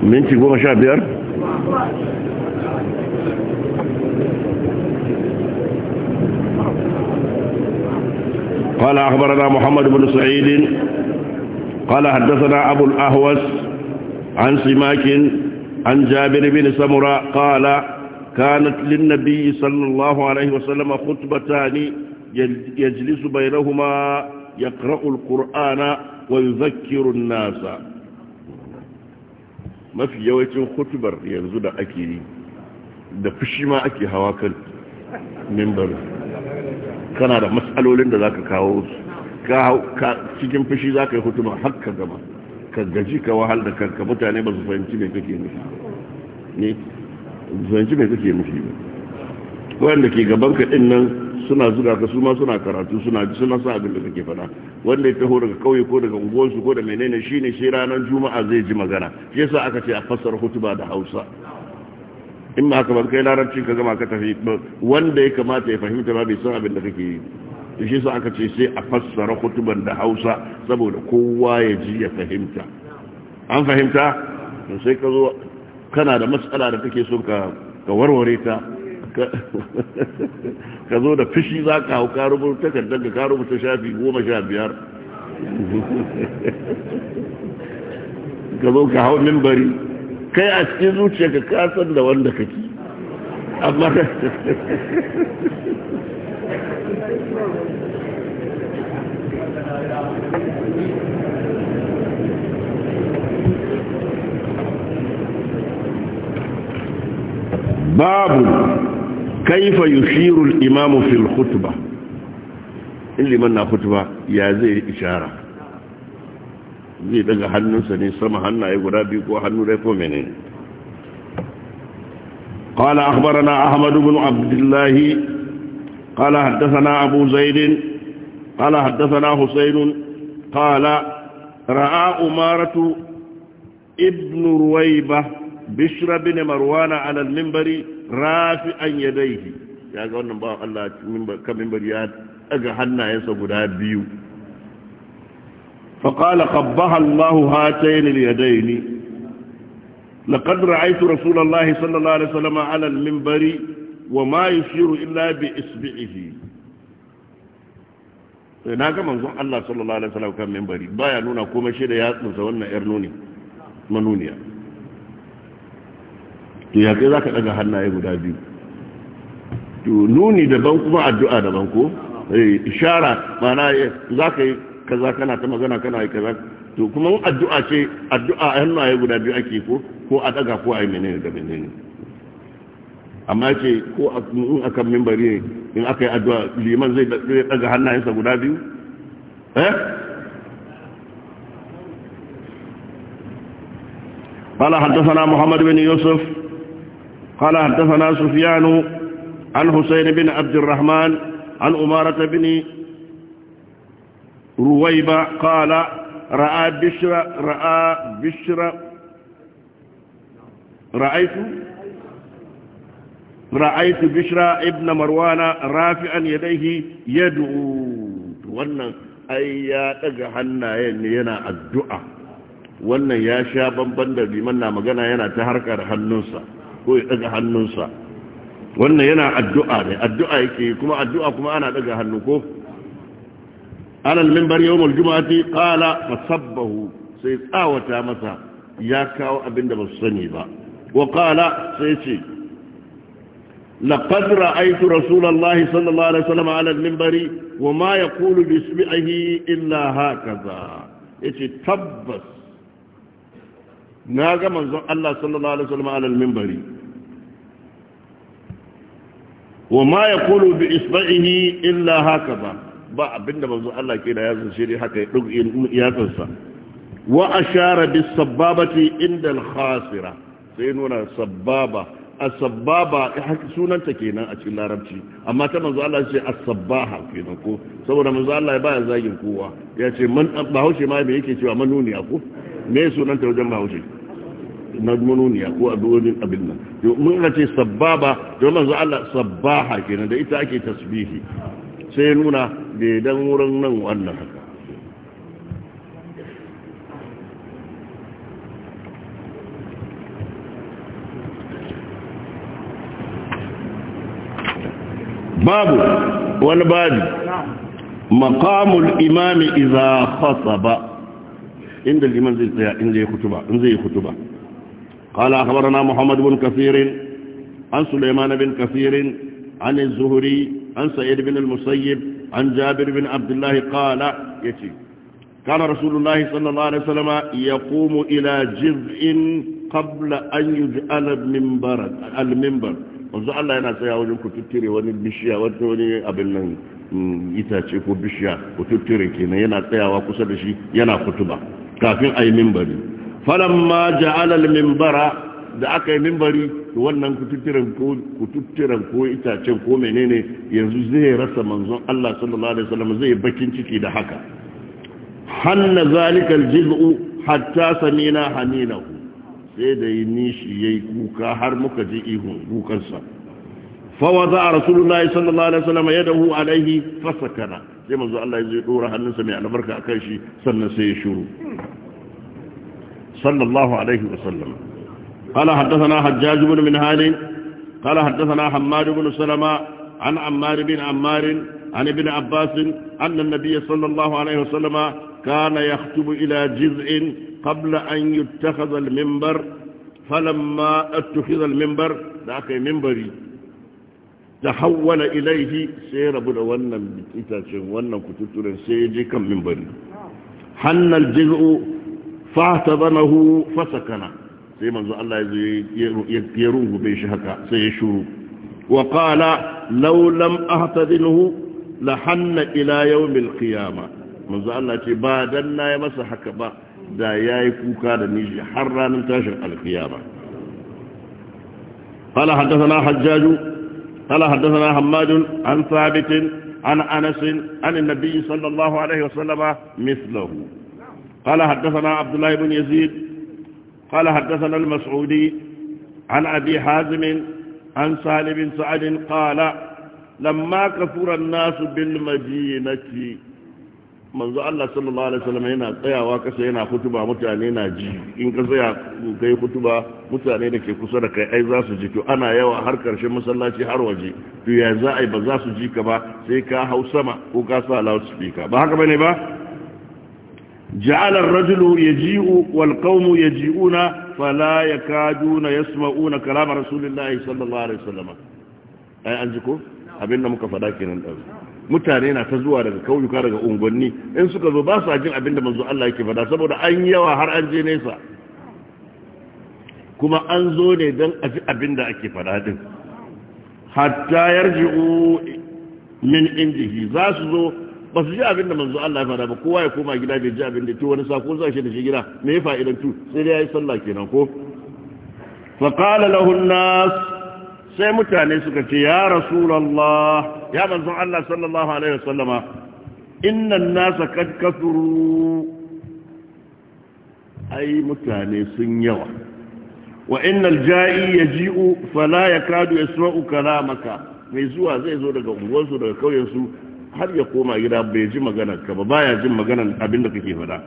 [SPEAKER 1] minti goma sha biyar قال أخبرنا محمد بن سعيد قال حدثنا أبو الأهوس عن سماك عن جابر بن سمرة قال كانت للنبي صلى الله عليه وسلم خطبتان يجلس بينهما يقرأ القرآن ويذكر الناس ما في يوجه خطبر ينزل أكيد da fushi ma ake hawa kan mimbar kana da matsalolin da za ka kawo su ka cikin fushi za ka yi hutu har ka gama ka gaji ka wahal da kanka mutane ba su fahimci mai kake nufi ne fahimci mai kake nufi ba wanda ke gaban ka din nan suna zuga ka su ma suna karatu suna ji suna sa abin da kake faɗa wanda ya taho daga kauye ko daga unguwarsu ko da menene shine sai ranar juma'a zai ji magana shi yasa aka ce a fassara hutuba da hausa in ba haka ba kai larabci ka gama ka tafi wanda ya kamata ya fahimta ba bai san abin da kake yi to shi aka ce sai a fassara kutuban da hausa saboda kowa ya ji ya fahimta an fahimta to sai ka zo kana da matsala da kake so ka warware ta ka zo da fishi za ka hau ka rubuta takardar ka rubuta shafi goma sha biyar ka zo ka hau mimbari kai a cikin zuciya ka kasar da wanda kake amma باب كيف يشير الإمام في الخطبة اللي منا خطبة يا زي إشارة زي daga hannunsa سني sama يقول guda biyu ko hannu قال أخبرنا أحمد بن عبد الله قال حدثنا أبو زيد قال حدثنا حسين قال رأى أمارة ابن رويبة بشر بن مروان على المنبر رافعا يديه يا قولنا بقى الله كمنبر ياد أقحنا يسب بيو فقال قبها الله هاتين اليدين لقد رأيت رسول الله صلى الله عليه وسلم على المنبر wa ma yushiru illa bi isbi'ihi eh, na ga manzon Allah sallallahu alaihi wasallam kan minbari baya nuna komai shi da ya yatsunsa wannan yar nuni manuniya to ya kai zaka daga hannaye guda biyu to nuni daban kuma addu'a daban ko eh ishara mana eh, zaka yi kaza kana ta magana kana yi kaza to kuma addu'a ce addu'a hannaye guda biyu ake ko ko a daga ko a yi menene da menene amma ce ko in aka mimbari ne in aka yi addu’a liman zai daga hannayensa guda biyu? eh? kala haddasa Muhammadu bin yusuf kala haddasa na sufiyanu an husaini bin abdurrahman an umarata bin ruwaiba kala ra'a bishira ra'a bishira ra'aitu ra'aitu bishra ibn marwana rafi'an yadayhi yad'u wannan ya daga hannayen ne yana addu'a wannan ya sha bamban da liman na magana yana ta harkar hannunsa ko ya daga hannunsa wannan yana addu'a ne addu'a yake kuma addu'a kuma ana daga hannu ko alal minbar yawmul jumu'ati qala fasabbahu sai tsawata masa ya kawo abinda ba su sani ba wa qala sai ce لقد رأيت رسول الله صلى الله عليه وسلم على المنبر وما يقول باسمعه إلا هكذا يتي تبس ناغا منظر الله صلى الله عليه وسلم على المنبر وما يقول باسمعه إلا هكذا ba abinda manzo Allah ke da yatsun shi ne haka ya tsansa wa ashara bis sababati inda al-khasira sai nuna sababa as-sabbaba sunanta kenan a cikin larabci amma ta manzo Allah ce asabbaha kenan ko saboda manzo Allah ba ya zagin kowa ya ce man bahaushe ma me yake cewa manuniya ko me sunanta wajen bahaushe na manuniya ko a dole abin nan mun ga ce sabbaba to manzo Allah sabbaha kenan da ita ake tasbihi sai nuna da dan wurin nan wannan babu wani babi makamul imami iza fasa ba inda liman zai tsaya in zai kutuba in zai kutuba kala akabar na muhammad bin kafirin an suleiman bin kafirin an zuhuri an sa'id bin al-musayyib an jabir bin abdullahi kala ya ce kana rasulullahi sallallahu alaihi wasallama ya kumu ila jiz'in kabla an yuj'ala al-mimbar manzo Allah yana tsaya wajen ku tuttire wani bishiya wata wani abin nan mm, itace ko bishiya ku tuttire kenan yana tsayawa kusa da shi yana kutuba kafin a ayi mimbari falon ma al mimbara da aka yi mimbari wannan kututturen ko ko itacen ko menene yanzu zai rasa manzon Allah sallallahu alaihi wasallam zai bakin ciki da haka hanna zalika hatta samina haminahu sai da yi nishi ya yi kuka har muka ji ihun kukansa fawa za a rasulullahi sallallahu alaihi wasallam ya dahu alaihi kana sai manzo Allah ya zai dora hannunsa mai albarka kai shi sannan sai ya shiru sallallahu alaihi wasallam قال حدثنا حجاج بن منهال قال حدثنا حماد بن سلمة عن عمار بن عمار عن ابن عباس أن النبي صلى الله عليه وسلم كان يخطب ila جزء قبل أن يتخذ المنبر فلما اتخذ المنبر ذاك منبري تحول إليه سير أبو الأولنا بكتاشن وانا كتبتنا سيجي كم منبري حن الجزء فاعتبنه فسكنا sai manzo Allah ya rungume shi haka sai ya shuru wa qala law lam ahtadinhu la hanna ila yawm al-qiyamah Allah ce ba dan na ya masa haka ba دا ياي كوكا kuka da nishi har قال حدثنا حجاج قال حدثنا حماد عن ثابت عن أنس عن النبي صلى الله عليه وسلم مثله قال حدثنا عبد الله بن يزيد قال حدثنا المسعودي عن أبي حازم عن سالم بن سعد قال لما كفر الناس بالمدينة manzo Allah sallallahu alaihi wasallam yana tsayawa kasa yana kutuba mutane na ji in ka tsaya kai kutuba mutane da ke kusa da kai ai za su ji to ana yawa har karshen masallaci har waje to ya za ai ba za su ji ka ba sai ka hau sama ko ka sa loudspeaker ba haka bane ba ja'ala ar-rajulu yaji'u wal qawmu yaji'una fala yakaduna yasma'una kalam rasulillahi sallallahu alaihi wasallam ai an ji ko abin da muka faɗa kenan da mutane na ta zuwa daga kauyuka daga unguwanni in suka zo ba a jin abinda manzo Allah yake fada saboda an yawa har an je nesa kuma an zo ne don a ji abinda ake fada din hatta yarji'u min indihi za su zo ba su ji abinda manzo Allah ya fada ba kowa ya koma gida bai ji abinda to wani sako zai shi da shi gida me ya fa'idan tu sai dai yayi sallah kenan ko fa qala lahu an-nas sai mutane suka ce ya rasulullah ya manzon Allah sallallahu alaihi wasallama innan nasa kad kasuru ai mutane sun yawa wa innal ja'i yaji'u fala yakadu yasma'u kalamaka mai zuwa zai zo daga unguwarsu daga kauyensu har ya koma gida bai ji magana ka ba baya jin magana abinda kake faɗa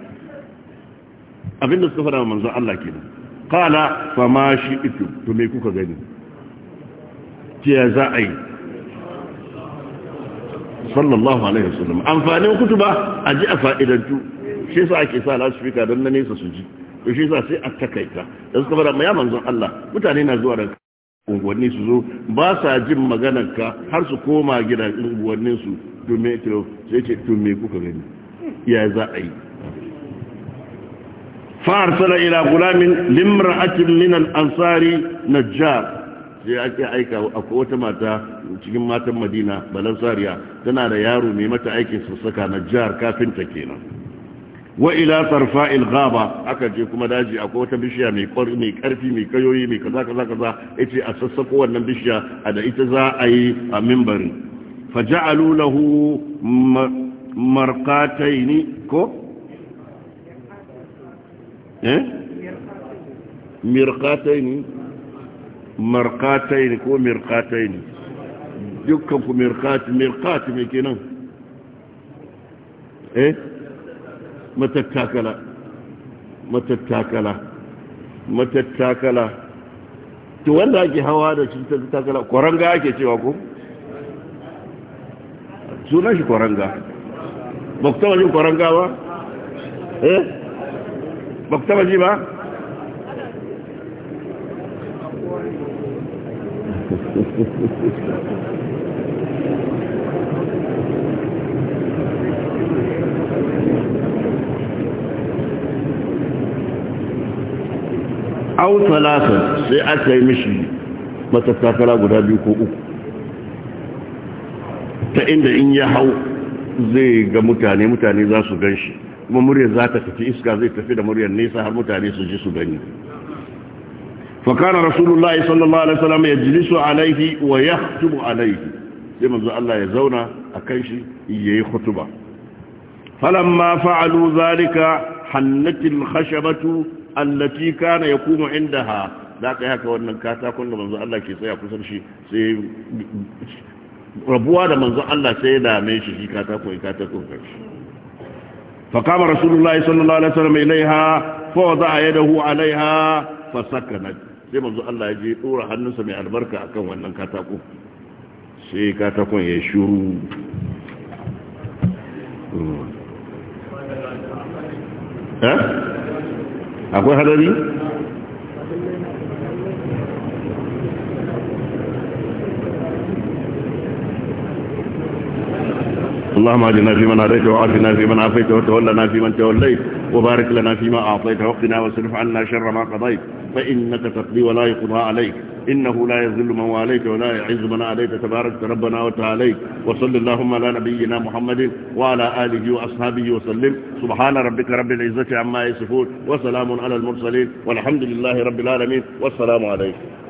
[SPEAKER 1] abinda suka faɗa manzon Allah kenan qala fama shi shi'tu to me kuka gani ce za a yi sallallahu alaihi wasallam amfanin kutuba a ji a fa'idantu shi yasa ake sa lasfika don na nesa su ji to shi sa sai a takaita da suka fara ya manzon Allah mutane na zuwa daga unguwanni su zo ba sa jin maganar har su koma gidan unguwannin su to sai ce to kuka gani ya za a yi
[SPEAKER 2] fa arsala ila gulamin limra'atin
[SPEAKER 1] min al-ansari najjar je ake aika akwai wata mata cikin matan madina balansariya tana da yaro mai mata aikin su saka na jihar kafinta kenan wa ila tarfa gaba aka je kuma daji akwai wata bishiya mai kwar mai karfi mai kayoyi mai kaza kaza kaza yace a sassako wannan bishiya a da ita za a yi a mimbarin faja'alu lahu marqataini ko eh mirqataini ne ko mirkatai ne dukkan ku mirkati mirkati mai kenan eh matattakala matattakala matattakala to wanda ake hawa da shi matattakala kwaranga ake cewa ko sunan shi kwaranga
[SPEAKER 2] ba ku taba jin kwaranga ba eh ba ku taba ji ba
[SPEAKER 1] au talata sai aka yi mishi matattakala guda biyu ko uku ta inda in ya hau zai ga mutane mutane za su gan shi kuma muryar za ta tafi iska zai tafi da muryar nesa har mutane su ji su gani فكان رسول الله صلى الله عليه وسلم يجلس عليه عليه sai manzo Allah ya zauna a kan shi yayi khutba falamma fa'alu zalika hannatil khashabatu allati kana yakumu indaha da kai haka wannan katakon da manzo Allah ke tsaya kusan shi sai rabuwa da manzo Allah sai ya dame shi shi katakon katakon kashi فقام رسول الله صلى الله عليه وسلم إليها فوضع يده عليها فسكنت sai manzo Allah ya je dora hannunsa mai albarka akan wannan katako sai katakon ya shuru hmm. eh akwai hadari اللهم اجعلنا في من هديت وعافنا في من عافيت وتولنا في من توليت وبارك لنا فيما أعطيت وقنا واصرف عنا شر ما قضيت فإنك تقضي ولا يقضى عليك إنه لا يذل من واليك ولا يعز من عليك تبارك ربنا وتعاليك وصل اللهم على نبينا محمد وعلى آله وأصحابه وسلم سبحان ربك رب العزة عما يصفون وسلام على المرسلين والحمد لله رب العالمين والسلام عليكم